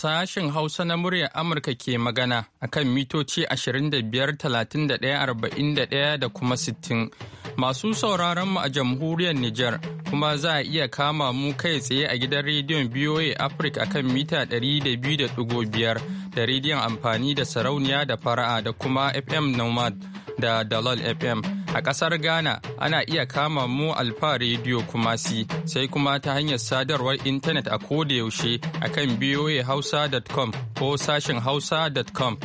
sashen Hausa na muryar Amurka ke magana akan mitoci 25,31,41 da kuma 60. Masu sauraron mu a jamhuriyar Nijar kuma za a iya kama mu kai tsaye a gidan rediyon BOA Africa akan mita 200.5 da rediyon amfani da sarauniya da fara'a da kuma FM Nomad. da Dalol FM. A ƙasar Ghana ana iya kama mu Alfa Radio Kumasi sai kuma ta hanyar sadarwar intanet a kodayaushe a kan hausa.com ko sashen hausa.com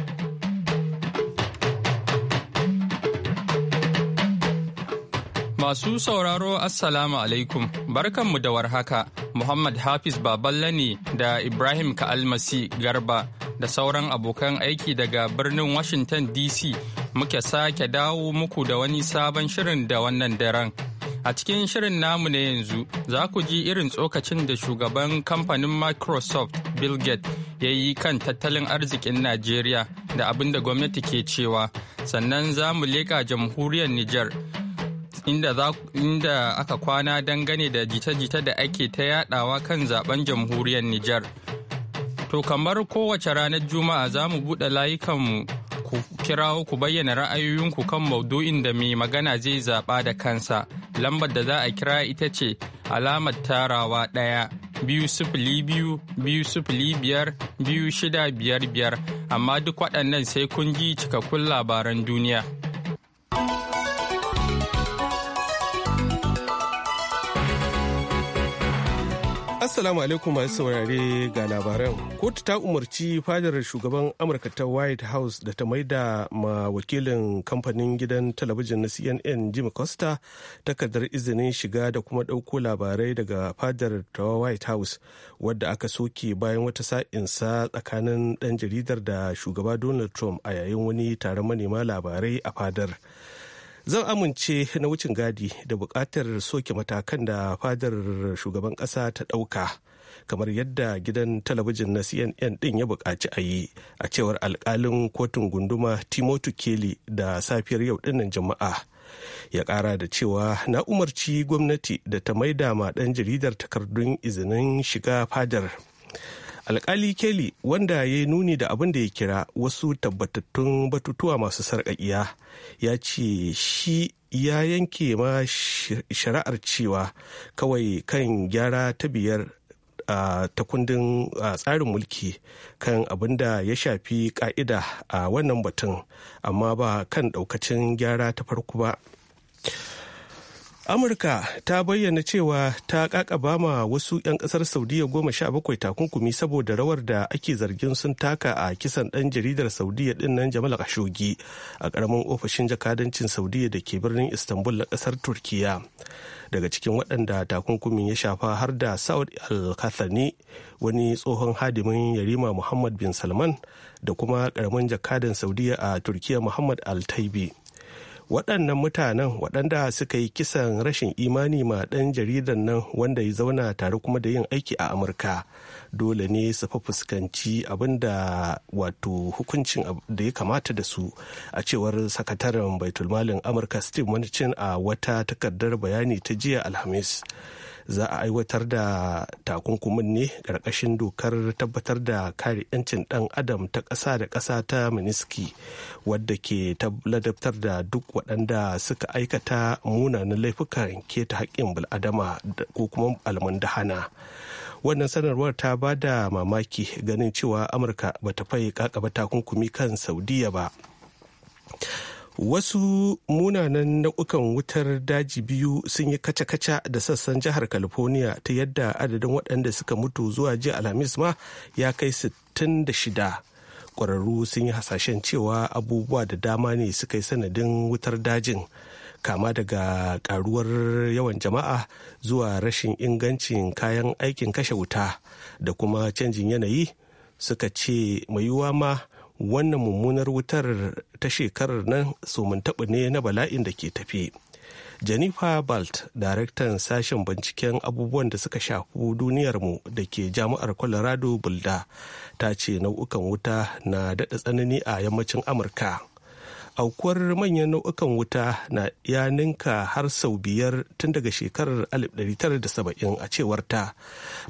Masu sauraro Assalamu alaikum, barkanmu da warhaka, Muhammad Hafiz Baballe ne da Ibrahim Ka'almasi Garba da sauran abokan aiki daga birnin Washington DC muke sake dawo muku da wani sabon shirin da wannan daren. A cikin shirin namu na yanzu za ku ji irin tsokacin da shugaban kamfanin Microsoft Bill Gates ya yi kan tattalin arzikin Najeriya da abin da gwamnati ke cewa, sannan za mu leƙa jamhuriyar Nijar. inda aka kwana dangane da jita-jita da ake ta yadawa kan zaben jamhuriyar Nijar. To kamar kowace ranar Juma'a za mu buɗe layukanmu ku kirawo ku bayyana ra'ayoyinku kan maudu'in da mai magana zai zaɓa da kansa. Lambar da za a kira ita ce alamar tarawa ɗaya biyu sufuli biyu biyu sufuli biyar biyu shida biyar biyar amma duk waɗannan sai kun ji cikakkun labaran duniya. Assalamu alaikum masu saurare ga labaran. Kotu ta umarci fadar shugaban Amurka ta White House da ta maida ma wakilin kamfanin gidan talabijin na CNN Jim Costa takardar izinin shiga da kuma ɗauko labarai daga fadar ta White House wadda aka soke bayan wata sa'insa tsakanin ɗan jaridar da shugaba Donald Trump a yayin wani taron manema labarai a fadar. zan amince na wucin gadi da buƙatar soke matakan da fadar shugaban ƙasa ta ɗauka kamar yadda gidan talabijin na cnn ɗin ya buƙaci a yi a cewar alƙalin kotun gunduma timothy kelly da safiyar yau ɗinnan jama'a ya ƙara da cewa na umarci gwamnati da ta maida ma ɗan jaridar takardun izinin shiga fadar alkali kelly wanda ya yi nuni da abin da ya kira wasu tabbatattun batutuwa masu sarƙaƙiya ya ce shi ya yanke ma shari'ar cewa kawai kan gyara ta biyar a takundin tsarin mulki kan abin da ya shafi ka'ida a wannan batun amma ba kan daukacin gyara ta farko ba amurka ta bayyana cewa ta kakaba ma wasu 'yan kasar saudiya goma sha bakwai takunkumi saboda rawar da ake zargin sun taka a kisan ɗan jaridar saudiya ɗin nan jamal khashoggi a karamin ofishin jakadancin saudiya da ke birnin istanbul na ƙasar turkiya daga cikin waɗanda takunkumin ya shafa har da saud al wani tsohon hadimin yarima muhammad bin salman da kuma ƙaramin jakadan saudiya a turkiya muhammad al-taibi waɗannan mutanen waɗanda suka yi kisan rashin imani ma ɗan jaridan nan wanda ya zauna tare kuma da yin aiki a amurka dole ne su fa fuskanci abin da wato hukuncin da ya kamata da su a cewar sakataren baitulmalin amurka steve manchin a wata takardar bayani ta jiya alhamis za a aiwatar da takunkumin ne ƙarƙashin dokar tabbatar da kare 'yancin ɗan adam ta ƙasa da ƙasa ta miniski wadda ke ladabtar da duk waɗanda suka aikata munanan laifukan keta haƙƙin bil'adama ko kuma almundahana wannan sanarwar ta ba da mamaki ganin cewa amurka ba ta fai kakaba takunkumi kan saudiya ba wasu munanan nau'ukan wutar daji biyu sun yi kaca-kaca da sassan jihar california ta yadda adadin waɗanda suka mutu zuwa jiya alhamis ma ya kai 66 ƙwararru sun yi hasashen cewa abubuwa da dama ne suka yi sanadin wutar dajin kama daga karuwar yawan jama'a zuwa rashin ingancin kayan aikin kashe wuta da kuma canjin yanayi suka ce mai yiwuwa ma wannan mummunar wutar ta shekarar nan taɓa ne na bala'in da ke tafi jennifer balt daraktan sashen binciken abubuwan da suka shafi duniyarmu da ke jami'ar colorado bulda ta ce nau'ukan wuta na daɗa tsanani a yammacin amurka aukuwar manyan nau'ukan wuta na ya ninka har sau biyar tun daga shekarar 1970 a cewar ta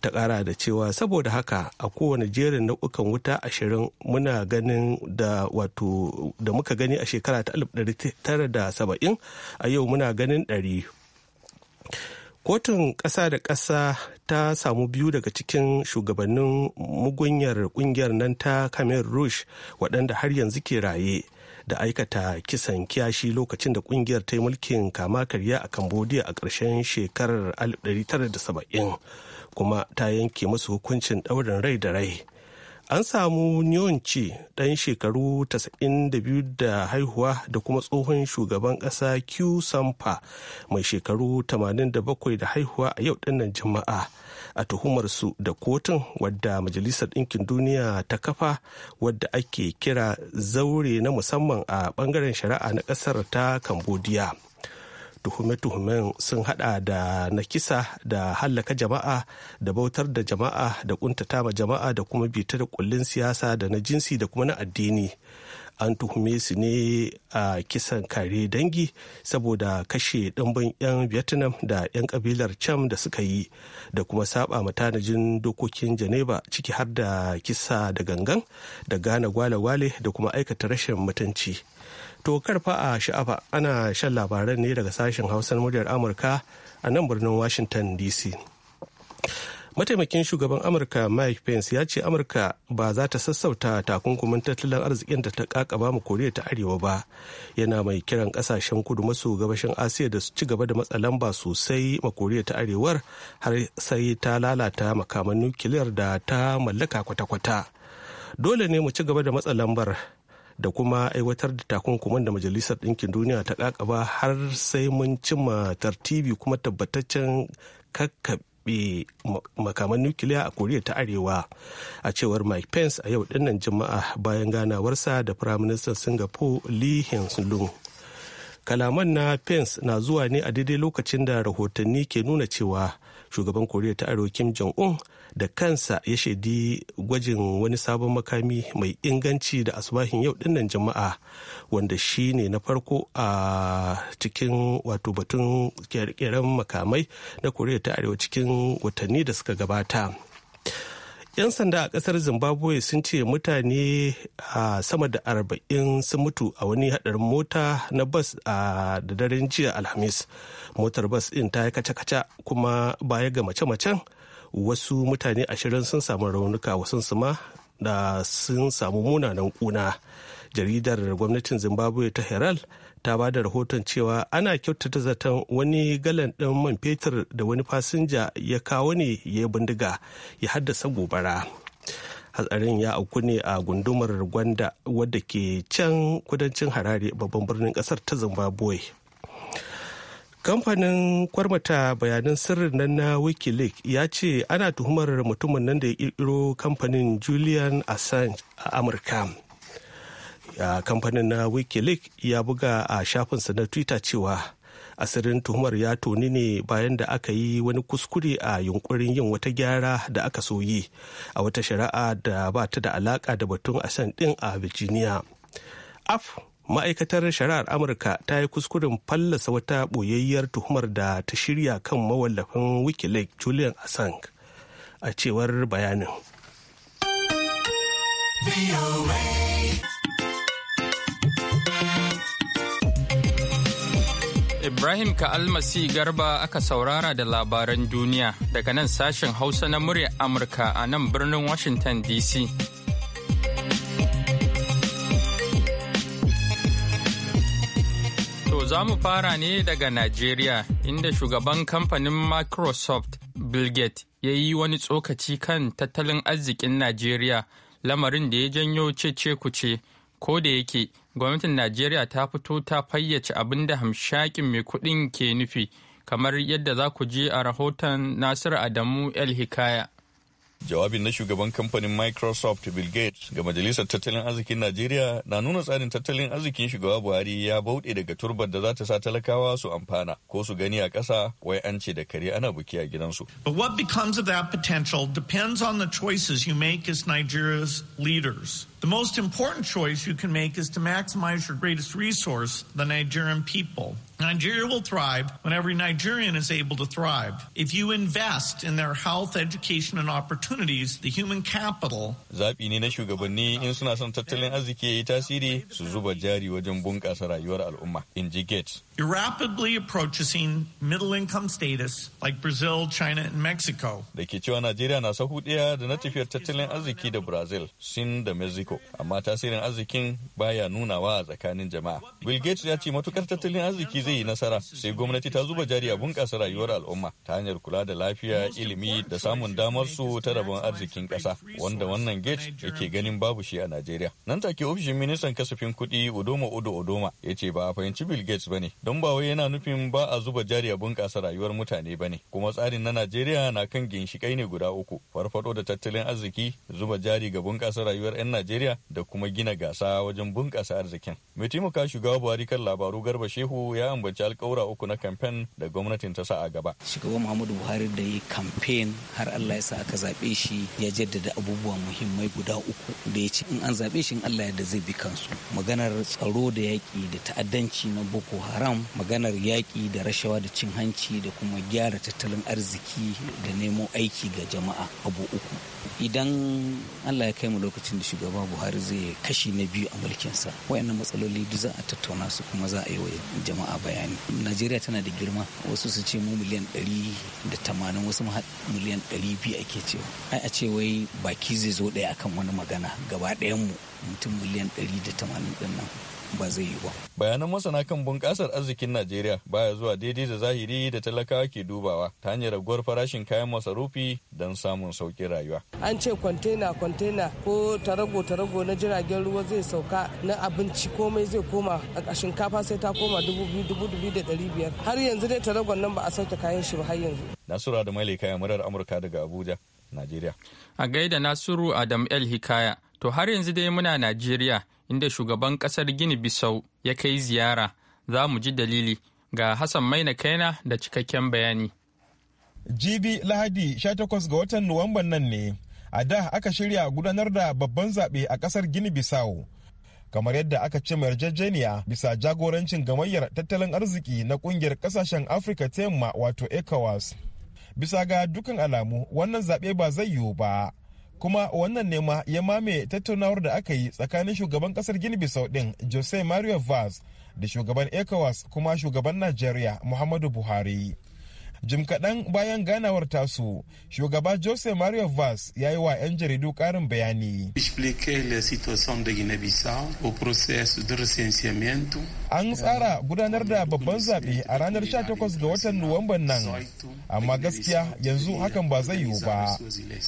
ta kara da cewa saboda haka a kowane jerin nau'ukan wuta ashirin muna ganin da wato da muka gani a shekara ta 1970 a yau muna ganin ɗari kotun ƙasa da ƙasa ta samu biyu daga cikin shugabannin mugunyar ƙungiyar nan ta kamer rouge waɗanda har yanzu ke raye da aikata kisan kiyashi lokacin da kungiyar ta yi mulkin kama karya a cambodia a ƙarshen shekarar 1970 kuma ta yanke musu hukuncin ɗaurin rai da rai an samu nyonci ɗan shekaru 92 da haihuwa da kuma tsohon shugaban ƙasa q sampa mai shekaru 87 da haihuwa a yau ɗinnan jama'a a tuhumarsu da kotun wadda majalisar ɗinkin duniya ta kafa wadda ake kira zaure na musamman a ɓangaren shari'a na ƙasar ta cambodia tuhume-tuhumen sun hada da na kisa da hallaka jama'a da bautar da jama'a da kuntata jama'a da kuma bita da kullin siyasa da na jinsi da kuma na addini an tuhume su ne a kisan kare dangi saboda kashe ɗumbin 'yan vietnam da 'yan kabilar cham da suka yi da kuma saba tanajin dokokin geneva ciki har da kisa da gangan da gane gwale-gwale da kuma aikata rashin mutunci to karfa a sha'afa ana shan labaran ne daga sashen hausan muryar amurka a nan birnin washington dc mataimakin shugaban amurka mike pence ya ce amurka ba za ta sassauta takunkumin tattalin arzikin da ta kakaba mu koriya ta arewa ba yana mai kiran kasashen kudu maso gabashin asiya da su ci gaba da matsa lamba sosai ma koriya ta arewar har sai ta lalata makaman nukiliyar da ta mallaka kwata-kwata dole ne mu ci gaba da matsa lambar da kuma aiwatar da takunkumin da majalisar ɗinkin duniya ta kakaba har sai mun cimma tartibi kuma tabbataccen kakkaɓe karbe makaman nukiliya a koriya ta arewa a cewar mike pence a yau dinnan juma'a bayan ganawarsa da prime firaministan singapore lee hsien kalaman na pence na zuwa ne a daidai lokacin da rahotanni ke nuna cewa shugaban koriya ta arewa kim jong-un da kansa ya shaidi gwajin wani sabon makami mai inganci da asubahin yau dinnan jama'a wanda shi ne na farko a cikin wato batun keren makamai na koriya ta arewa cikin watanni da suka gabata 'yan sanda a kasar zimbabwe sun ce mutane a sama da arba'in sun mutu a wani hadarin mota na bas a da daren jiya alhamis motar bas din ta yi kaca-kaca kuma baya ga mace-macen wasu mutane ashirin sun samu raunuka wasu ma da sun samu munanan kuna jaridar gwamnatin zimbabwe ta herald ta ba da rahoton cewa ana kyautata zaton wani galan ɗin man fetur da wani fasinja ya kawo ne ya yi bindiga ya haddasa gobara hatsarin ya auku ne a gundumar gwanda wadda ke can kudancin harare babban birnin ƙasar ta zimbabwe kamfanin kwarmata bayanan sirrin nan na wikileaks ya ce ana tuhumar mutumin nan da ya kirkiro kamfanin julian assange a amurka kamfanin na wikileaks ya buga a shafinsa na twitter cewa asirin tuhumar ya toni ne bayan da aka yi wani kuskure a yunkurin yin wata gyara da aka so a wata shari'a da ba ta da alaka da batun asan din a virginia ma'aikatar shari'ar amurka ta yi kuskuren fallasa wata ɓoyayyar tuhumar da ta shirya kan mawallafin wikileaks julian assange a cewar bayanin Ibrahim Ka'almasi Garba aka saurara da labaran duniya daga nan sashen Hausa na muryar Amurka a nan birnin Washington DC. za mu fara ne daga Najeriya inda shugaban kamfanin Microsoft Bill Gates ya yi wani tsokaci kan tattalin arzikin Najeriya lamarin da ya janyo cece ce ko da yake gwamnatin Najeriya ta fito ta fayyace abin da hamshakin mai kuɗin ke nufi kamar yadda za ku je a rahoton Nasiru Adamu El Hikaya. Jawabin na shugaban kamfanin Microsoft Bill Gates ga Majalisar Tattalin Arzikin Najeriya na nuna tsarin tattalin arzikin shugaba Buhari ya bauɗe daga turbar da za ta sa talakawa su amfana ko su gani a ƙasa wai an ce da kare ana buki a gidansu. But what becomes of that potential depends on the choices you make as Nigeria's leaders. The most important choice you can make is to maximize your greatest resource, the Nigerian people. Nigeria will thrive when every Nigerian is able to thrive. If you invest in their health, education, and opportunities, the human capital. ne na shugabanni in suna son tattalin arziki ya yi tasiri su zuba jari wajen bunƙasa rayuwar al'umma, in ji Gates. You're rapidly approaching middle income status like Brazil, China, and Mexico. Da ke cewa Najeriya na sahu ɗaya da na tafiyar tattalin arziki da Brazil, Sin da Mexico. Mexico, amma tasirin arzikin baya nunawa a tsakanin jama'a. Bill Gates ya ce matukar tattalin arziki zai yi nasara sai gwamnati ta zuba jari a bunƙasa rayuwar al'umma ta hanyar kula da lafiya, ilimi da samun damar su ta rabon arzikin ƙasa, wanda wannan Gates yake ganin babu shi a Najeriya. Nan take ofishin ministan kasafin kuɗi Odoma Odo Odoma ya ce ba a fahimci Bill Gates ba ne, don ba wai yana nufin ba a zuba jari a bunƙasa rayuwar mutane ba ne, kuma tsarin na Najeriya na kan ginshiƙai ne guda uku, farfaɗo da tattalin arziki, zuba jari ga bunƙasa rayuwar 'yan Najeriya Najeriya da kuma gina gasa wajen bunƙasa arzikin. Mai taimaka shugaba Buhari kan labaru Garba Shehu ya ambaci alƙawura uku na kamfen da gwamnatin ta sa a gaba. Shugaban Muhammadu Buhari da yi kamfen har Allah ya sa aka zaɓe shi ya jaddada abubuwa muhimmai guda uku da ya ce in an zaɓe shi in Allah yadda zai bi kansu. Maganar tsaro da yaƙi da ta'addanci na Boko Haram, maganar yaƙi da rashawa da cin hanci da kuma gyara tattalin arziki da nemo aiki ga jama'a abu uku. Idan Allah ya kai mu lokacin da shugaba buhari zai kashi na biyu a mulkinsa wayannan matsaloli duk za a tattauna su kuma za a yi wa jama'a bayani najeriya tana da girma wasu su ce mu miliyan ɗari da tamanin wasu miliyan ɗari biyu ake cewa ai a ce wai baki zai zo ɗaya akan wani magana gaba ɗayan mu mutum miliyan ɗari da tamanin ɗin nan ba zai yi ba. Bayanan masana kan bunƙasar arzikin Najeriya baya zuwa daidai da zahiri da talakawa ke dubawa ta hanyar raguwar farashin kayan masarufi don samun sauƙin rayuwa. An ce kwantena kwantena ko tarago tarago na jiragen ruwa zai sauka na abinci komai zai koma a shinkafa sai ta koma dubu biyu dubu da ɗari biyar har yanzu dai taragon nan ba a sauke kayan shi ba har yanzu. Nasura da Malika ya murar Amurka daga Abuja. Najeriya. A gaida Nasiru Adam El Hikaya, to har yanzu dai muna Najeriya inda shugaban kasar gini bisau ya kai ziyara za mu ji dalili ga hassan maina kaina da cikakken bayani jibi lahadi 18 ga watan nuwamban nan ne a da aka shirya gudanar da babban zaɓe a ƙasar gini bisau kamar yadda aka ce mai yarjejeniya bisa jagorancin gamayyar tattalin arziki na ƙungiyar ƙasashen afirka ta yamma wato ecowas bisa ga dukkan alamu wannan zaɓe ba zai yiwu ba kuma wannan ne ma ya mame tattaunawar da aka yi tsakanin shugaban kasar gini bisau din jose mario vaz da shugaban ecowas kuma shugaban nigeria muhammadu buhari jim kaɗan bayan ganawar tasu shugaba jose mario vaz ya yi wa 'yan jaridu ƙarin bayani an tsara gudanar da babban zaɓe a ranar 18 ga watan nuwamban nan amma gaskiya yanzu hakan ba zai yiwu ba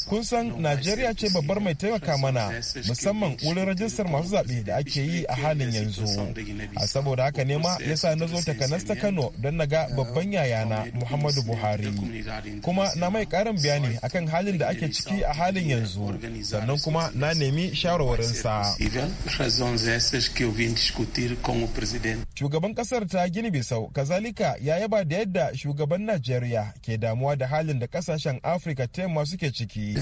kun san najeriya ce babbar mai taimaka mana musamman wurin rajistar masu zaɓe da ake yi a halin yanzu a saboda haka nema yasa na zo takanas ta kano don na ga babban yayana muhammadu buhari kuma na mai karin bayani akan halin da ake ciki a halin yanzu sannan kuma na nemi shawarwarinsa shugaban kasar ta gini bisau kazalika ya yaba da yadda shugaban najeriya ke damuwa da halin da kasashen afirka ta yamma suke ciki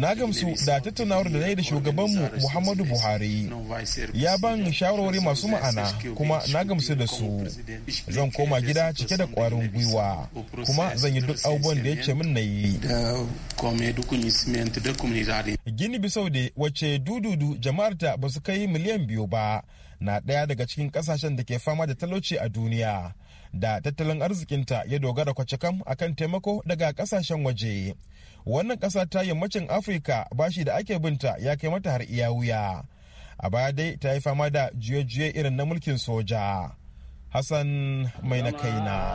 na gamsu da tattaunawar da na yi da shugabanmu muhammadu buhari ya ban shawarwari masu ma'ana kuma na gamsu da su zan koma gida cike da kwarin gwiwa kuma zan yi duk abubuwan da yake min na yi gini bisau da wace dududu jama'ar ta ba su kai miliyan biyu ba na daya daga cikin kasashen da ke fama da talauci a duniya da tattalin arzikinta ya dogara kwacekam akan taimako daga kasashen waje wannan kasa ta yammacin afirka bashi da ake binta ya kai mata har iya wuya a baya dai ta yi fama da juye-juye irin na mulkin soja Hassan mai na kaina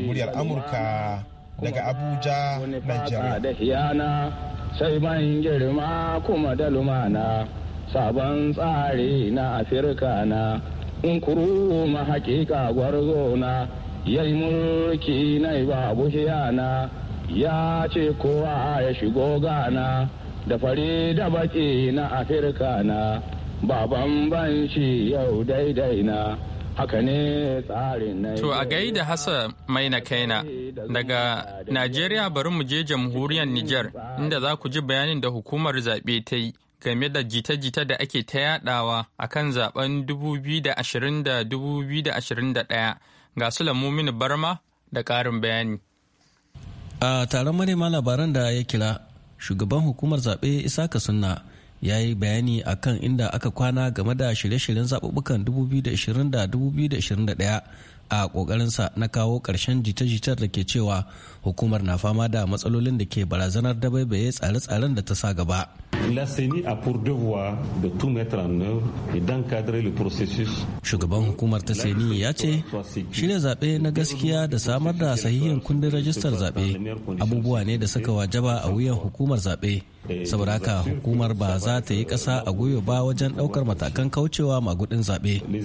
muryar Amurka daga Abuja, Nigeria. Sai man girma kuma da lumana, sabon tsari na Afirka na, in kuru ma hakika gwarzo na, yayi mulki na babu na, ya ce kowa ya shigo gana, da fari da baki na Afirka na, baban banshi yau daidai na. Haka ne tsarin To a gaida na Kaina daga Najeriya bari mu je jamhuriyar Nijar inda za ku ji bayanin da hukumar zaɓe ta yi game da jita-jita da ake ta yaɗawa a kan zaɓen 2020 2021 ga su lamomin barma da ƙarin bayani. A taron manema labaran da ya kira shugaban hukumar zaɓe Isaka Sunna ya yi bayani a kan inda aka kwana game da shirye-shiryen zaɓuɓɓukan 2020 da 2021 a ƙoƙarinsa na kawo ƙarshen jita-jitar da ke cewa hukumar na fama da matsalolin da ke barazanar da tsare-tsaren da ta sa gaba. La a pour Shugaban hukumar ta Seni ya ce, shirya zaɓe na gaskiya da samar da sahihin kundin rajistar zaɓe abubuwa ne da suka wajaba a wuyan hukumar zaɓe. Saboda haka hukumar ba za ta yi ƙasa a gwiwa ba wajen ɗaukar matakan kaucewa magudin zaɓe. Les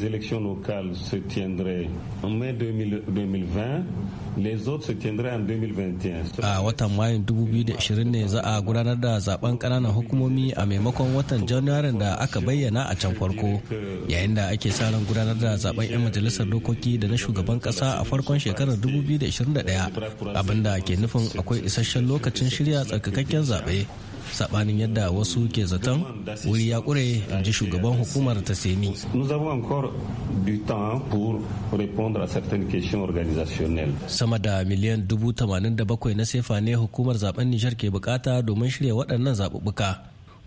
A watan Mayun 2020 ne za a gudanar da zaben kananan hukumomi a maimakon watan Janairun da aka bayyana a can farko, yayin da ake sa ran gudanar da zaben 'yan majalisar dokoki da na shugaban kasa a farkon shekarar 2021, abinda ke nufin akwai isasshen lokacin shirya tsarkakakken zaɓe. sabanin yadda wasu ke zaton wuri ya kure in ji shugaban hukumar ta semi sama da miliyan dubu tamanin da bakwai na sefa ne hukumar zaben nijar ke bukata domin shirya waɗannan zaɓuɓɓuka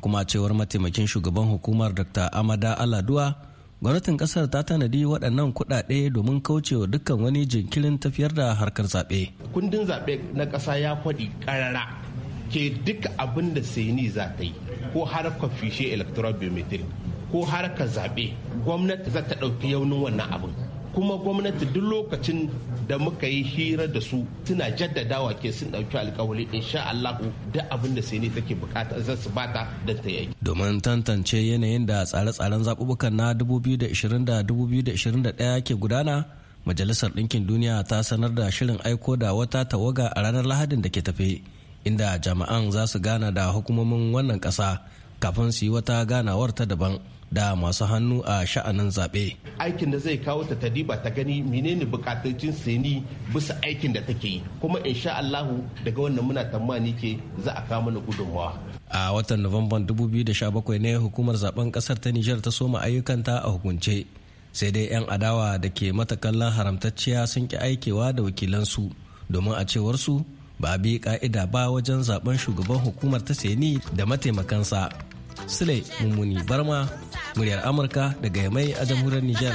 kuma cewar mataimakin shugaban hukumar dr amada aladuwa gwamnatin kasar ta tanadi waɗannan kuɗaɗe domin kaucewa dukkan wani jinkirin tafiyar da harkar zaɓe. kundin zaɓe na ƙasa ya kwaɗi ƙarara ke duk abin da seni za ta yi ko har fishe electoral biometric ko har ka zaɓe gwamnati za ta ɗauki yaunin wannan abin kuma gwamnati duk lokacin da muka yi hira da su suna jaddadawa ke sun ɗauki alkawali insha Allah duk abin da sai take bukata za su bata da ta yi. Domin tantance yanayin da tsare-tsaren zaɓuɓɓukan na 2020 da 2021 ke gudana, Majalisar Ɗinkin Duniya ta sanar da shirin aiko da wata tawaga a ranar Lahadin da ke tafe. inda jami'an za su gana da hukumomin wannan kasa kafin su yi wata ganawar ta daban da masu hannu a sha'anin zaɓe. Aikin da zai kawo ta tadiba ta gani menene cin saini bisa aikin da take yi kuma insha Allahu daga wannan muna tamani ke za a kawo mana gudunmawa. A watan Nuwamban 2017 ne hukumar zaben kasar ta Nijar ta soma ayyukanta a hukunce sai dai 'yan adawa da ke mata kallon haramtacciya sun ki aikewa da wakilansu domin a cewar su. ba a bi ka'ida ba wajen zaben shugaban hukumar ta seni da mataimakansa sule mummuni barma muryar amurka daga yamai a jamhuriyar niger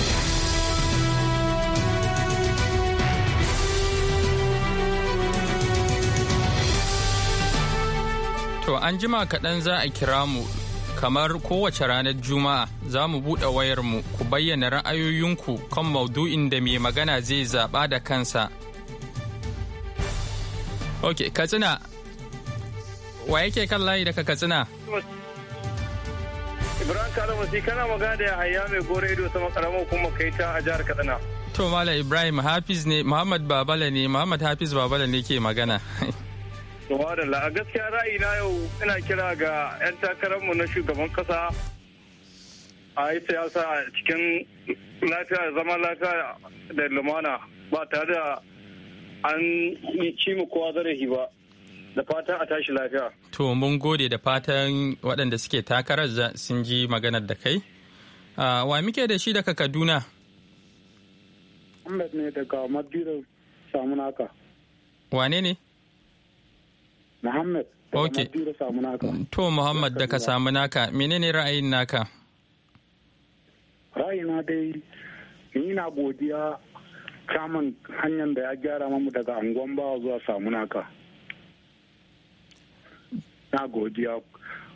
To an jima kaɗan za a kira mu kamar kowace ranar Juma'a za mu buɗe wayarmu ku bayyana ra'ayoyinku kan maudu'in da mai magana zai zaɓa da kansa. Ok, Katsina, wa yake kan layi daga Katsina? Ibrahim Kalamasi kana magana da Yahaya mai gore ido sama karamar kuma kai ta a jihar Katsina. To mala Ibrahim Hafiz ne, Muhammad Babala ne, Muhammad Hafiz Babala ne ke magana. To a gaskiya ra'ayi na yau ina kira ga 'yan takararmu na shugaban kasa a yi siyasa cikin lafiya zama lafiya da lumana ba tare da an yi cimu kowa zarafi ba da fatan a tashi lafiya. To mun gode da fatan waɗanda suke takarar sun ji maganar da kai. Wa muke da shi daga Kaduna? Ahmed ne daga Madira Samunaka. Wane ne? Muhammad. Ok. To Muhammad da ka samu naka, menene ra'ayin naka? Ra'ayina dai, ni na godiya kamun hanyar da ya gyara mamu daga angon bawa zuwa samu naka. Na godiya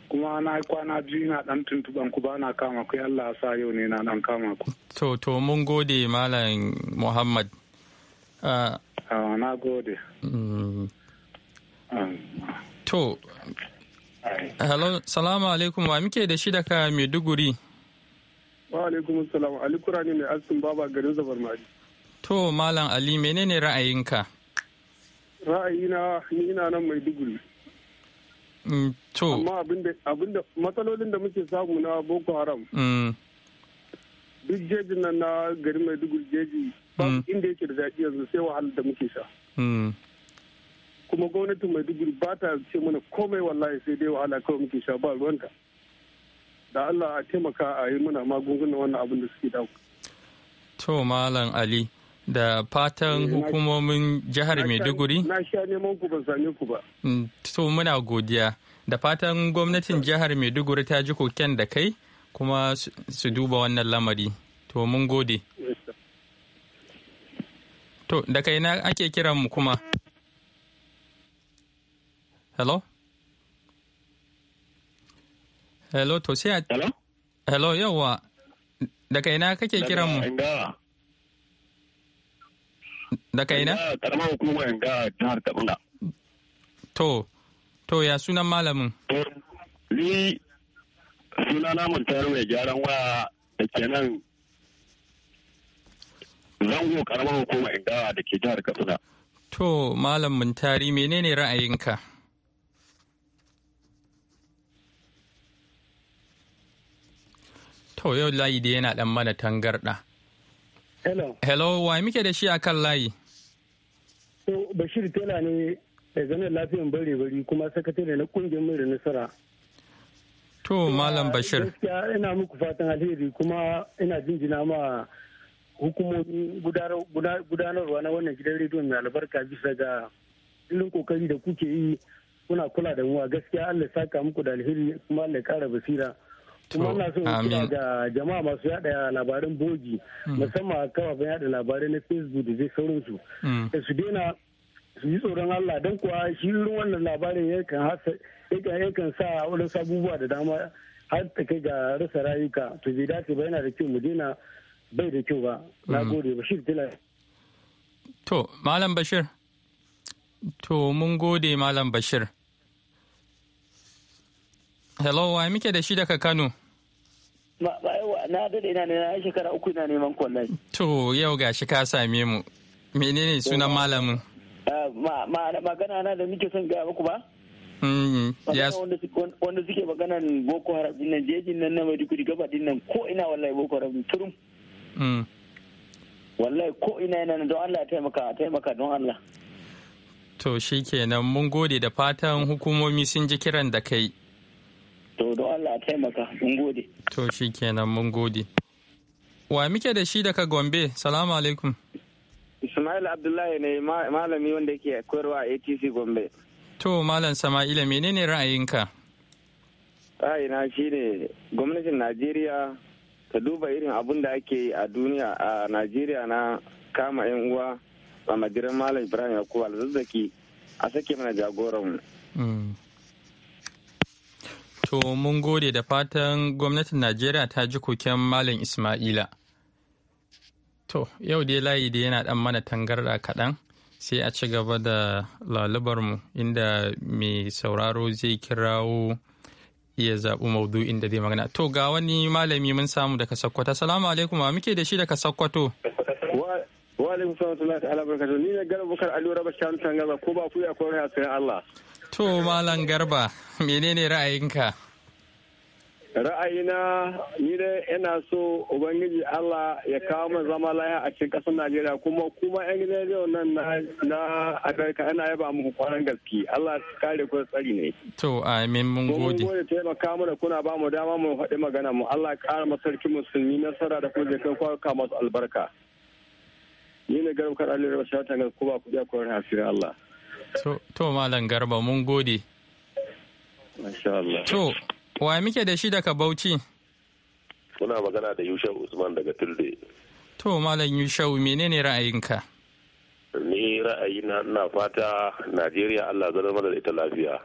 kuma na yi kwana biyu na dan tuntuban ku ba na kama ku Allah sa yau ne na dan kama ku. To to mun gode Malam Muhammad. Uh, na gode. Mm. To, hello, salamu alaikum wa muke da shi daga Maiduguri. Wa alaikum salam, Ali Kurani mai asin baba garin zabar mari. To, Malam Ali, menene ra'ayinka? Ra'ayina ni ina nan Maiduguri. Mm, to. Amma abinda matsalolin da muke samu na Boko Haram. Mm. Duk jejin nan na garin Maiduguri jeji, ba mm. inda yake da daɗi yanzu sai wahalar da muke sha. kuma gwamnatin maiduguri ba ta ce mana komai wallahi sai dai wahala kawai muke sha ba ruwanta da allah a taimaka a yi mana magungunan wannan abin da suke dawo to malam ali da fatan eh, hukumomin jihar maiduguri na sha neman ku ban same ku ba mm, to muna godiya da fatan gwamnatin jihar maiduguri ta ji koken da kai kuma su duba wannan lamari to mun gode to da kai na ake kiran mu kuma Hello? Hello, to sai a... Hello? Hello, yawwa. Daga ina kake kiran mu? Daga ina? Karamar ina, da jihar Kaduna. To, to ya sunan malamin? To, Ni suna namun Muntaru mai gyaran wa da ke nan zango karamar hukumar inda da ke jihar Kaduna. To, malamin tari menene ra'ayinka? To yau layi da yana dan mana tangarɗa. Hello. Hello, wa muke da shi a kan layi? So, Bashir Tela ne zanen lafiyan bare bari kuma sakatare na ƙungiyar mai da nasara. To, Malam Bashir. Gaskiya ina muku fatan alheri kuma ina jinjina ma hukumomi gudanarwa na wannan gidan rediyon mai albarka bisa ga irin kokari da kuke yi kuna kula da mu gaskiya Allah saka muku da alheri kuma Allah kara basira. kuma ina so kira ga jama'a masu yada labarin bogi hmm. musamman kafafen yada labarai na facebook da zai sauransu hmm. da su daina su yi tsoron allah don kuwa shi wannan labarin yakan sa wurin sabubuwa da dama har ta kai ga rasa rayuka to bai dace ba yana da kyau mu daina bai da kyau ba hmm. na gode bashir tila to malam bashir to mun gode malam bashir Hello, wa muke da shi daga Kano? Na daɗe na nema shekara uku na neman kwallon. To, yau ga shi ka same mu. Menene sunan malamin? Ah, magana na da muke son gaya muku ba? Mm, wanda suke ne Boko Haram din nan jejin nan na Maiduguri gaba din nan ko ina wallahi Boko Haram turum. Mm. Wallahi ko ina yana don Allah ya taimaka taimaka don Allah. To shi kenan mun gode da fatan hukumomi sun ji kiran da kai. to don Allah a taimaka mun gode to shi kenan mun gode wa muke da shi daga Gombe salamu alaikum Ismail Abdullahi ne malami wanda yake koyarwa a ATC Gombe to malam Sama'ila menene ra'ayinka ra'ayina ne gwamnatin Najeriya ta duba irin abun da ake yi a duniya a Najeriya na kama 'yan uwa a madirin Malam Ibrahim Yakubu Alzazzaki a sake mana jagoranmu. Mm. To mun gode da fatan gwamnatin Najeriya ta ji koken Malam Ismaila. To yau dai layi da yana ɗan mana tangarɗa kaɗan sai a ci gaba da lalubarmu inda mai sauraro zai kirawo iya zaɓi maudu'in da zai magana. To ga wani malami mun samu daga Sokoto. Salamu alaikum wa muke da shi daga Sokoto. Wa alaikum salam wa rahmatullahi ta'ala barakatuh. Ni ne Garba Bukar Aliyu Rabash Shanu Tangarɗa ko ba ku ya kwarar Allah. To Malam Garba, menene ra'ayinka? Ra'ayina ni da yana so Ubangiji Allah ya kawo mu zama laya a cikin ƙasar Najeriya kuma kuma 'yan rediyo nan na Amerika yana yaba muku kwanan gaske. Allah kare ku tsari ne. To amin mun gode. Mun gode taimaka mana kuna ba mu dama mu faɗi magana mu Allah ƙara sarki musulmi nasara da kuma jikin kwaka masu albarka. Ni ne garba kan Allah ya rabu shata ga ku ja ku Allah. To, Malam Garba, mun gode. To, wa muke da shi daga Bauchi? Muna magana da Yushau Usman daga Tilde. To, Malam Yushau, menene ra'ayinka? Ni ra'ayi na fata Najeriya Allah zarar mana da ita lafiya.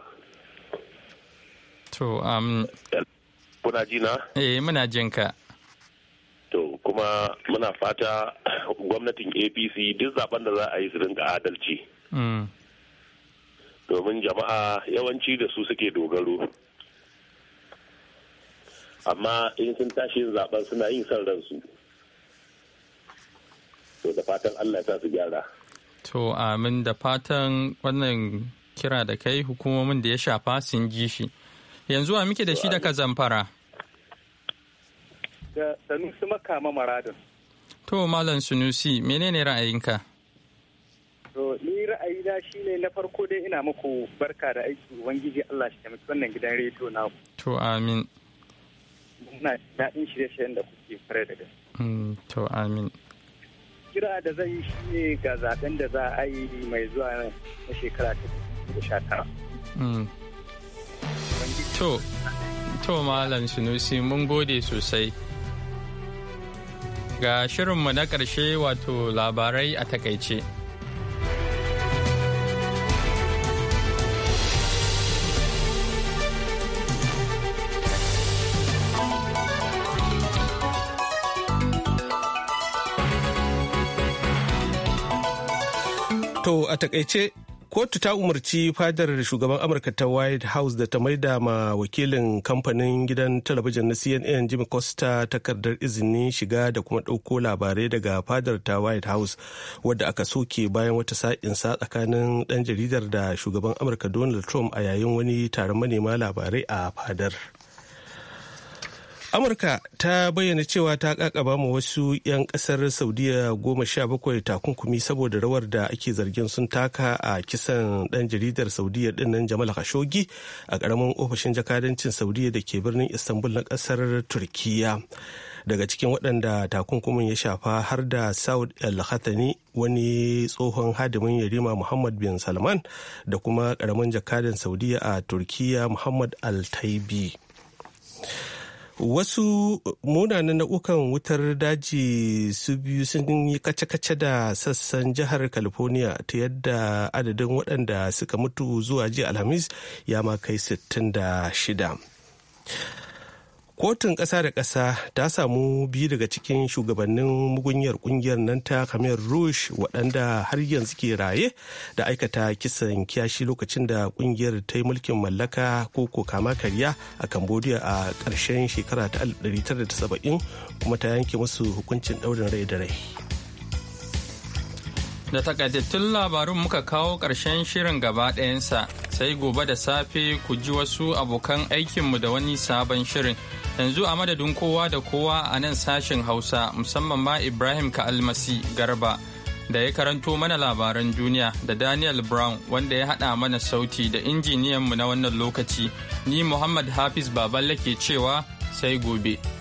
To, am. Um, Kuna ji na? Eh, muna jinka. To, kuma muna fata gwamnatin APC duk zaben da za a yi su rinka adalci. Mm. domin jama'a yawanci da su suke dogaro amma in sun tashi yin zaben suna yin son ransu to da fatan allah ta su gyara to amin da fatan wannan kira da kai hukumomin da ya shafa sun ji shi yanzu a muke da shi daga zamfara da sanusi makama maradin to malam sunusi menene ra'ayinka to ni gida shi ne na farko dai ina muku barka da aiki ubangiji Allah shi taimaki wannan gidan rediyo na ku. to amin muna daɗin shirye-shiryen da kuke fara daga. Mm, to amin kira da zai shi ne ga zaben da za a yi mai zuwa na shekara ta da sha tara. Mm. to to malam sunusi mun gode sosai ga shirinmu na ƙarshe wato labarai a takaice. To a takaice kotu ta umarci fadar shugaban amurka ta white house da ta maida ma wakilin kamfanin gidan talabijin na cnn jimmy costa takardar izinin shiga da kuma ɗauko labarai daga fadar ta white house wadda aka soke bayan wata sa'insa tsakanin ɗan jaridar da shugaban amurka donald trump a yayin wani taron manema labarai a fadar. amurka ta bayyana cewa ta kakaba ma wasu 'yan kasar saudiya goma sha bakwai takunkumi saboda rawar da ake zargin sun taka a kisan dan jaridar saudiya dinnan jamal khashoggi a karamin ofishin jakadancin saudiya da ke birnin istanbul na kasar turkiya daga cikin waɗanda takunkumin ya shafa har da saud al wani tsohon hadimin yarima muhammad bin salman da kuma karamin jakadan saudiya a turkiya muhammad al-taibi wasu munanan nau'ukan wutar daji su biyu sun yi kace-kace da sassan jihar california ta yadda adadin waɗanda suka mutu zuwa jiya alhamis ya ma kai 66 kotun ƙasa da ƙasa ta samu biyu daga cikin shugabannin mugunyar kungiyar nan ta kamar rouge waɗanda har yanzu ke raye da aikata kisan kiyashi lokacin da kungiyar ta yi mulkin mallaka ko ko kama karya a cambodia a karshen shekara ta 1970 kuma ta yanke musu hukuncin ɗaurin rai da rai da takaitattun labarun muka kawo ƙarshen shirin gaba ɗayansa sai gobe da safe ku ji wasu abokan aikinmu da wani sabon shirin yanzu a madadin kowa da kowa a nan sashen hausa musamman ma ibrahim ka'almasi garba da ya karanto mana labaran duniya da daniel brown wanda ya hada mana sauti da injiniyanmu na wannan lokaci ni muhammad hafiz baballe ke cewa sai gobe.